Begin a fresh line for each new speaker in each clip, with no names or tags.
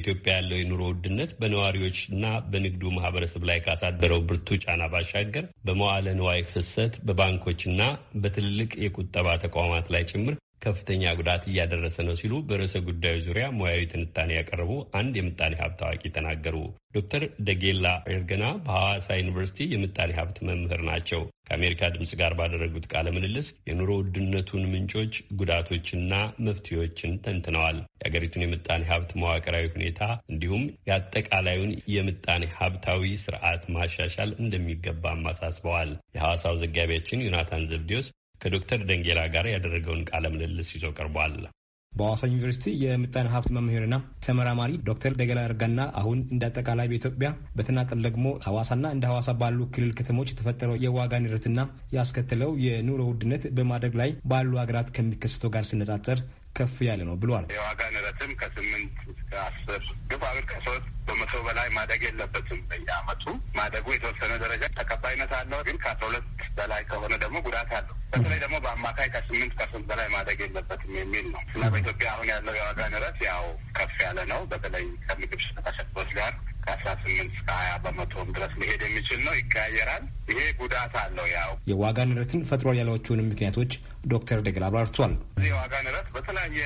በኢትዮጵያ ያለው የኑሮ ውድነት በነዋሪዎችና በንግዱ ማህበረሰብ ላይ ካሳደረው ብርቱ ጫና ባሻገር በመዋለ ንዋይ ፍሰት በባንኮችና በትልልቅ የቁጠባ ተቋማት ላይ ጭምር ከፍተኛ ጉዳት እያደረሰ ነው ሲሉ በርዕሰ ጉዳዩ ዙሪያ ሙያዊ ትንታኔ ያቀረቡ አንድ የምጣኔ ሀብት አዋቂ ተናገሩ። ዶክተር ደጌላ ኤርገና በሐዋሳ ዩኒቨርሲቲ የምጣኔ ሀብት መምህር ናቸው። ከአሜሪካ ድምፅ ጋር ባደረጉት ቃለ ምልልስ የኑሮ ውድነቱን ምንጮች፣ ጉዳቶችና መፍትሄዎችን ተንትነዋል። የአገሪቱን የምጣኔ ሀብት መዋቅራዊ ሁኔታ እንዲሁም የአጠቃላዩን የምጣኔ ሀብታዊ ስርዓት ማሻሻል እንደሚገባም አሳስበዋል። የሐዋሳው ዘጋቢያችን ዮናታን ዘብዲዮስ ከዶክተር ደንጌላ ጋር ያደረገውን ቃለ ምልልስ ይዞ ቀርቧል። በሐዋሳ ዩኒቨርሲቲ የምጣኔ ሀብት መምህርና ተመራማሪ ዶክተር ደገላ እርጋና አሁን እንደ አጠቃላይ በኢትዮጵያ በተናጠል ደግሞ ሐዋሳና እንደ ሐዋሳ ባሉ ክልል ከተሞች የተፈጠረው የዋጋ ንረትና ያስከተለው የኑሮ ውድነት በማደግ ላይ ባሉ ሀገራት ከሚከሰተው ጋር ሲነጻጸር ከፍ ያለ ነው ብሏል። የዋጋ ንረትም ከስምንት እስከ አስር ግፋብር ከሶስት
በመቶ በላይ ማደግ የለበትም። በየአመቱ ማደጉ የተወሰነ ደረጃ ተቀባይነት አለው፣ ግን ከአስራ ሁለት በላይ ከሆነ ደግሞ ጉዳት አለው። በተለይ ደግሞ በአማካይ ከስምንት ፐርሰንት በላይ ማደግ የለበትም የሚል ነው እና በኢትዮጵያ አሁን ያለው የዋጋ
ንረት ያው ከፍ ያለ ነው። በተለይ ከምግብ ሸቀጣሸቀጦች ጋር ከአስራ ስምንት እስከ ሀያ በመቶም ድረስ መሄድ የሚችል ነው። ይቀያየራል። ይሄ ጉዳት አለው። ያው የዋጋ ንረትን ፈጥሯል ያሏቸውንም ምክንያቶች ዶክተር ደግል አብራርቷል። የዋጋ ንረት በተለያየ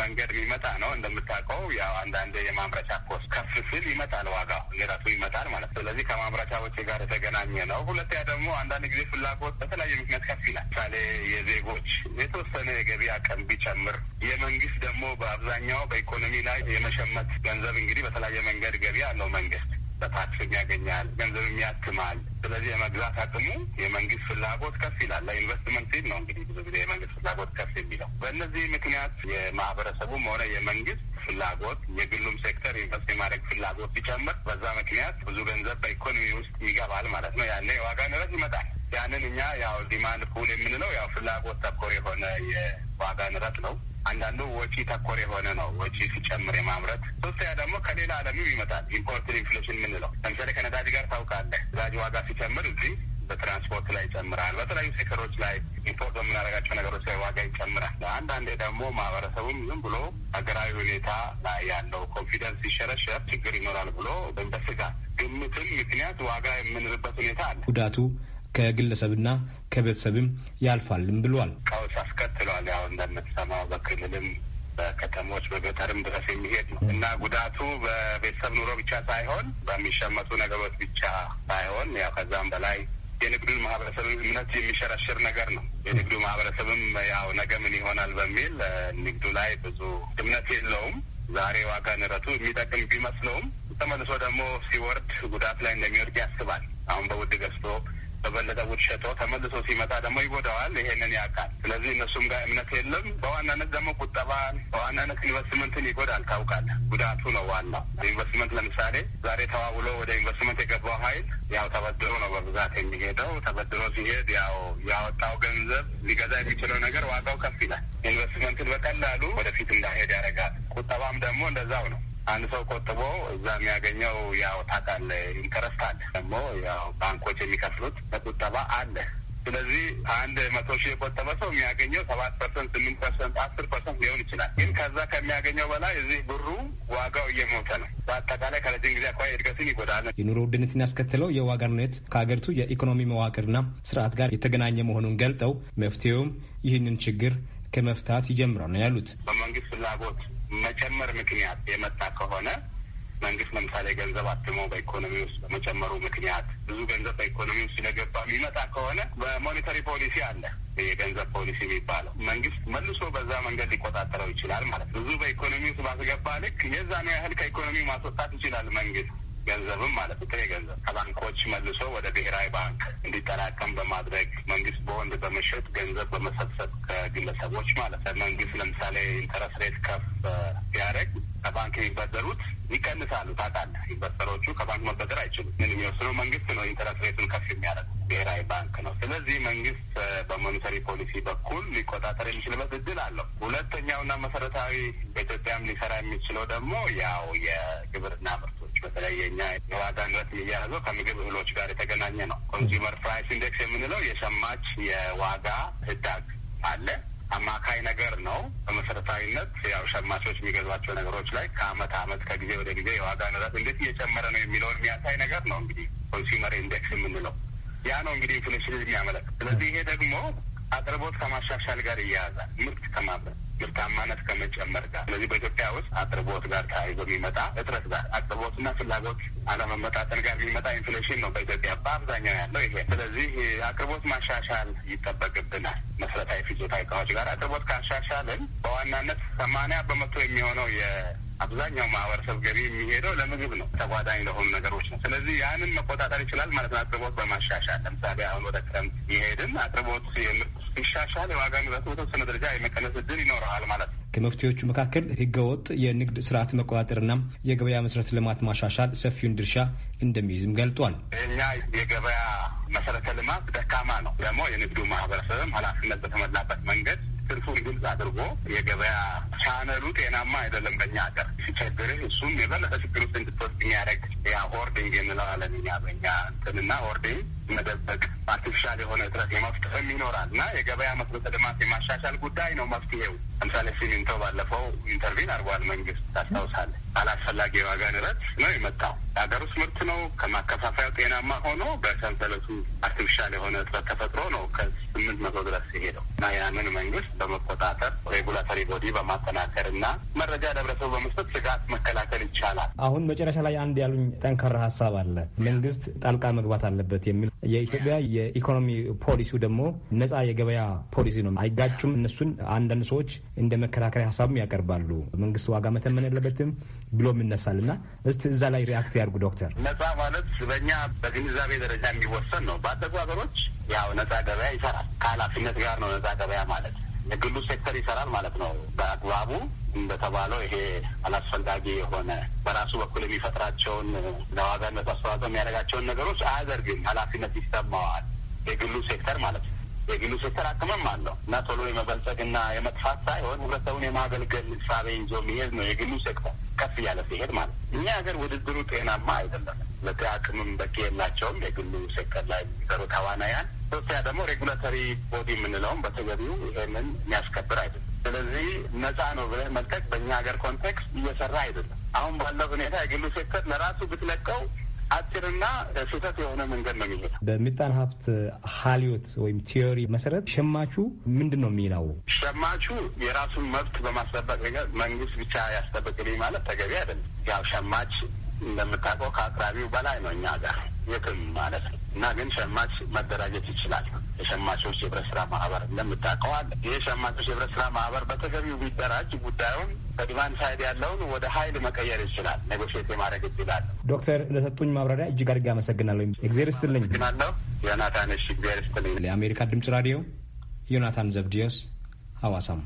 መንገድ የሚመጣ ነው። እንደምታውቀው ያው አንዳንድ
የማምረቻ ኮስ ከፍ ሲል ይመጣል፣ ዋጋው የራሱ ይመጣል ማለት ነው። ስለዚህ ከማምረቻ ጋር የተገናኘ ነው። ሁለተኛ ደግሞ አንዳንድ ጊዜ ፍላጎት በተለያየ ምክንያት ከፍ ይላል። ምሳሌ የዜጎች የተወሰነ የገቢ አቅም ቢጨምር፣ የመንግስት ደግሞ በአብዛኛው በኢኮኖሚ ላይ የመሸመት ገንዘብ እንግዲህ በተለያየ መንገድ ገቢ አለው መንግስት በታክስም ያገኛል፣ ገንዘብም ያትማል። ስለዚህ የመግዛት አቅሙ የመንግስት ፍላጎት ከፍ ይላል። ለኢንቨስትመንት ሲል ነው እንግዲህ ብዙ ጊዜ የመንግስት ፍላጎት ከፍ የሚለው። በእነዚህ ምክንያት የማህበረሰቡም ሆነ የመንግስት ፍላጎት የግሉም ሴክተር ኢንቨስት የማድረግ ፍላጎት ሲጨምር፣ በዛ ምክንያት ብዙ ገንዘብ በኢኮኖሚ ውስጥ ይገባል ማለት ነው። ያኔ የዋጋ ንረት ይመጣል። ያንን እኛ ያው ዲማንድ ፑል የምንለው ያው ፍላጎት ተኮር የሆነ የዋጋ ንረት ነው። አንዳንዱ ወጪ ተኮር የሆነ ነው። ወጪ ሲጨምር የማምረት ሶስተኛ ደግሞ ከሌላ ዓለምም ይመጣል። ኢምፖርት ኢንፍሌሽን የምንለው ለምሳሌ ከነዳጅ ጋር ታውቃለህ። ነዳጅ ዋጋ ሲጨምር እዚህ በትራንስፖርት ላይ ይጨምራል። በተለያዩ ሴክተሮች ላይ ኢምፖርት በምናደርጋቸው ነገሮች ላይ ዋጋ ይጨምራል። አንዳንዴ ደግሞ ማህበረሰቡም ዝም ብሎ ሀገራዊ ሁኔታ ላይ ያለው ኮንፊደንስ ሲሸረሸር ችግር ይኖራል ብሎ በስጋት
ግምትም ምክንያት ዋጋ የምንልበት ሁኔታ አለ። ጉዳቱ ከግለሰብና ከቤተሰብም ያልፋልም ብሏል። ቀውስ አስከትሏል። ያው እንደምትሰማው በክልልም በከተሞች በገጠርም ድረስ የሚሄድ ነው እና
ጉዳቱ በቤተሰብ ኑሮ ብቻ ሳይሆን በሚሸመቱ ነገሮች ብቻ ሳይሆን ያው ከዛም በላይ የንግዱን ማህበረሰብ እምነት የሚሸረሽር ነገር ነው። የንግዱ ማህበረሰብም ያው ነገ ምን ይሆናል በሚል ንግዱ ላይ ብዙ እምነት የለውም። ዛሬ ዋጋ ንረቱ የሚጠቅም ቢመስለውም ተመልሶ ደግሞ ሲወርድ ጉዳት ላይ እንደሚወድቅ ያስባል። አሁን በውድ ገዝቶ በበለጠ ውድ ሸጦ ተመልሶ ሲመጣ ደግሞ ይጎዳዋል፣ ይሄንን ያውቃል። ስለዚህ እነሱም ጋር እምነት የለም። በዋናነት ደግሞ ቁጠባን በዋናነት ኢንቨስትመንትን ይጎዳል። ታውቃለህ፣ ጉዳቱ ነው ዋናው። ኢንቨስትመንት ለምሳሌ ዛሬ ተዋውሎ ወደ ኢንቨስትመንት የገባው ሀይል ያው ተበድሮ ነው በብዛት የሚሄደው። ተበድሮ ሲሄድ ያው ያወጣው ገንዘብ ሊገዛ የሚችለው ነገር ዋጋው ከፍ ይላል። ኢንቨስትመንትን በቀላሉ ወደፊት እንዳሄድ ያደርጋል። ቁጠባም ደግሞ እንደዛው ነው። አንድ ሰው ቆጥቦ እዛ የሚያገኘው ያው ታውቃለህ፣ ኢንተረስት አለ ደግሞ ያው ባንኮች የሚከፍሉት በቁጠባ አለ። ስለዚህ አንድ መቶ ሺህ የቆጠበ ሰው የሚያገኘው ሰባት ፐርሰንት፣ ስምንት ፐርሰንት፣ አስር
ፐርሰንት ሊሆን ይችላል። ግን ከዛ ከሚያገኘው በላይ እዚህ ብሩ ዋጋው እየሞተ ነው። በአጠቃላይ ከረጅም ጊዜ አኳያ እድገትን ይጎዳል። የኑሮ ውድነትን ያስከተለው የዋጋ ንረት ከሀገሪቱ የኢኮኖሚ መዋቅርና ስርዓት ጋር የተገናኘ መሆኑን ገልጠው መፍትሄውም ይህንን ችግር ከመፍታት ይጀምራል ነው ያሉት።
በመንግስት ፍላጎት መጨመር ምክንያት የመጣ ከሆነ መንግስት ለምሳሌ ገንዘብ አትሞ በኢኮኖሚ ውስጥ በመጨመሩ ምክንያት ብዙ ገንዘብ በኢኮኖሚ ውስጥ ስለገባ የሚመጣ ከሆነ በሞኔታሪ ፖሊሲ አለ የገንዘብ ፖሊሲ የሚባለው መንግስት መልሶ በዛ መንገድ ሊቆጣጠረው ይችላል ማለት ነው። ብዙ በኢኮኖሚ ውስጥ ባስገባ ልክ የዛን ያህል ከኢኮኖሚ ማስወጣት ይችላል መንግስት ገንዘብም ማለት ጥሬ ገንዘብ ከባንኮች መልሶ ወደ ብሔራዊ ባንክ እንዲጠራቀም በማድረግ መንግስት በወንድ በመሸጥ ገንዘብ በመሰብሰብ ከግለሰቦች ማለት መንግስት ለምሳሌ ኢንተረስት ሬት ከፍ ቢያደረግ ከባንክ የሚበደሩት ይቀንሳሉ። ታውቃለህ፣ ኢንቨስተሮቹ ከባንክ መበደር አይችሉም። ምን የሚወስነው መንግስት ነው። ኢንተረስት ሬቱን ከፍ የሚያደርግ ብሔራዊ ባንክ ነው። ስለዚህ መንግስት በሞኒተሪ ፖሊሲ በኩል ሊቆጣጠር የሚችልበት እድል አለው። ሁለተኛውና መሰረታዊ በኢትዮጵያም ሊሰራ የሚችለው ደግሞ ያው የግብርና ምርቱ በተለይ የኛ የዋጋ ንረት የሚያያዘው ከምግብ እህሎች ጋር የተገናኘ ነው። ኮንሱመር ፕራይስ ኢንዴክስ የምንለው የሸማች የዋጋ ህዳግ አለ አማካይ ነገር ነው። በመሰረታዊነት ያው ሸማቾች የሚገዟቸው ነገሮች ላይ ከአመት አመት ከጊዜ ወደ ጊዜ የዋጋ ንረት እንዴት እየጨመረ ነው የሚለውን የሚያሳይ ነገር ነው። እንግዲህ ኮንሱመር ኢንዴክስ የምንለው ያ ነው እንግዲህ ኢንፍሌሽን የሚያመለክት። ስለዚህ ይሄ ደግሞ አቅርቦት ከማሻሻል ጋር እያያዛል። ምርት ከማምረት ምርታማነት ከመጨመር ጋር ስለዚህ በኢትዮጵያ ውስጥ አቅርቦት ጋር ተያይዞ የሚመጣ እጥረት ጋር አቅርቦትና ፍላጎት አለመመጣጠን ጋር የሚመጣ ኢንፍሌሽን ነው በኢትዮጵያ በአብዛኛው ያለው ይሄ። ስለዚህ አቅርቦት ማሻሻል ይጠበቅብናል። መሰረታዊ ፍጆታ እቃዎች ጋር አቅርቦት ካሻሻልን በዋናነት ሰማንያ በመቶ የሚሆነው የአብዛኛው ማህበረሰብ ገቢ የሚሄደው ለምግብ ነው፣ ተጓዳኝ ለሆኑ ነገሮች ነው። ስለዚህ ያንን መቆጣጠር ይችላል ማለት ነው አቅርቦት በማሻሻል ለምሳሌ አሁን ወደ ክረምት ይሄድን አቅርቦት የምር ይሻሻል፣ የዋጋ ንረት በተወሰነ ደረጃ የመቀነስ እድል
ይኖረዋል ማለት ነው። ከመፍትሄዎቹ መካከል ህገወጥ የንግድ ስርዓት መቆጣጠርና የገበያ መሰረተ ልማት ማሻሻል ሰፊውን ድርሻ እንደሚይዝም ገልጧል። እኛ የገበያ መሰረተ ልማት ደካማ
ነው። ደግሞ የንግዱ ማህበረሰብም ኃላፊነት በተሞላበት መንገድ ትርፉን ግልጽ አድርጎ የገበያ ቻነሉ ጤናማ አይደለም። በእኛ ሀገር ሲቸግርህ እሱም የበለጠ ችግር ውስጥ እንድትወስድ የሚያደርግ ያ ሆርዲንግ የምለዋለን እኛ በእኛ እንትንና ሆርዲንግ መደበቅ አርቲፊሻል የሆነ እጥረት የመፍጠርም ይኖራል እና የገበያ መሰረተ ልማት የማሻሻል ጉዳይ ነው መፍትሄው። ለምሳሌ ሲሚንቶ ባለፈው ኢንተርቪን አድርጓል መንግስት ታስታውሳለህ። አላስፈላጊ የዋጋ ንረት ነው የመጣው። የሀገር ውስጥ ምርት ነው ከማከፋፈያው ጤናማ ሆኖ በሰንሰለቱ አርቲፊሻል የሆነ እጥረት ተፈጥሮ ነው ከስምንት መቶ ድረስ የሄደው እና ያንን መንግስት በመቆጣጠር ሬጉላተሪ ቦዲ በማጠ ማጠናከር እና መረጃ ለህብረተሰቡ በመስጠት ስጋት መከላከል
ይቻላል። አሁን መጨረሻ ላይ አንድ ያሉኝ ጠንካራ ሀሳብ አለ። መንግስት ጣልቃ መግባት አለበት የሚል የኢትዮጵያ የኢኮኖሚ ፖሊሲው ደግሞ ነጻ የገበያ ፖሊሲ ነው። አይጋጩም። እነሱን አንዳንድ ሰዎች እንደ መከራከሪያ ሀሳብም ያቀርባሉ። መንግስት ዋጋ መተመን ያለበትም ብሎም ይነሳል እና እስቲ እዛ ላይ ሪያክት ያርጉ ዶክተር። ነጻ
ማለት በእኛ በግንዛቤ ደረጃ የሚወሰን ነው። ባደጉ ሀገሮች ያው ነጻ ገበያ ይሰራል። ከኃላፊነት ጋር ነው ነጻ ገበያ ማለት የግሉ ሴክተር ይሰራል ማለት ነው። በአግባቡ እንደተባለው ይሄ አላስፈላጊ የሆነ በራሱ በኩል የሚፈጥራቸውን ለዋጋነት አስተዋጽኦ የሚያደርጋቸውን ነገሮች አያደርግም። ኃላፊነት ይሰማዋል የግሉ ሴክተር ማለት ነው። የግሉ ሴክተር አቅምም አለው እና ቶሎ የመበልጸግና የመጥፋት ሳይሆን ህብረተሰቡን የማገልገል ሳቤ ይዞ መሄድ ነው የግሉ ሴክተር ከፍ እያለ ሲሄድ ማለት ነው። እኛ ሀገር ውድድሩ ጤናማ አይደለም። አቅምም በቂ የላቸውም የግሉ ሴክተር ላይ የሚሰሩ ተዋናያን ኢትዮጵያ ደግሞ ሬጉላተሪ ቦዲ የምንለውም በተገቢው ይሄንን የሚያስከብር አይደለም። ስለዚህ ነጻ ነው ብለህ መልቀቅ በእኛ ሀገር ኮንቴክስት እየሰራ አይደለም። አሁን ባለው ሁኔታ የግሉ ሴክተር ለራሱ ብትለቀው አጭርና ስህተት የሆነ መንገድ ነው የሚሄደው።
በምጣኔ ሀብት ሀሊዮት ወይም ቲዮሪ መሰረት ሸማቹ ምንድን ነው የሚለው?
ሸማቹ የራሱን መብት በማስጠበቅ መንግስት ብቻ ያስጠብቅልኝ ማለት ተገቢ አይደለም። ያው ሸማች እንደምታውቀው ከአቅራቢው በላይ ነው እኛ ጋር የትም ማለት ነው እና ግን ሸማች መደራጀት ይችላል። የሸማቾች የህብረት ስራ ማህበር እንደምታውቀው አለ። ይህ ሸማቾች የህብረት ስራ ማህበር በተገቢው ቢደራጅ ጉዳዩን በዲማንድ ሳይድ ያለውን ወደ ሀይል መቀየር
ይችላል። ኔጎሽት የማድረግ ይችላል። ዶክተር ለሰጡኝ ማብራሪያ እጅግ አድርጌ አመሰግናለሁ። እግዜር ይስጥልኝ። ግናለሁ ዮናታን። እሺ እግዜር ይስጥልኝ። ለአሜሪካ ድምጽ ራዲዮ ዮናታን ዘብዲዮስ ሐዋሳም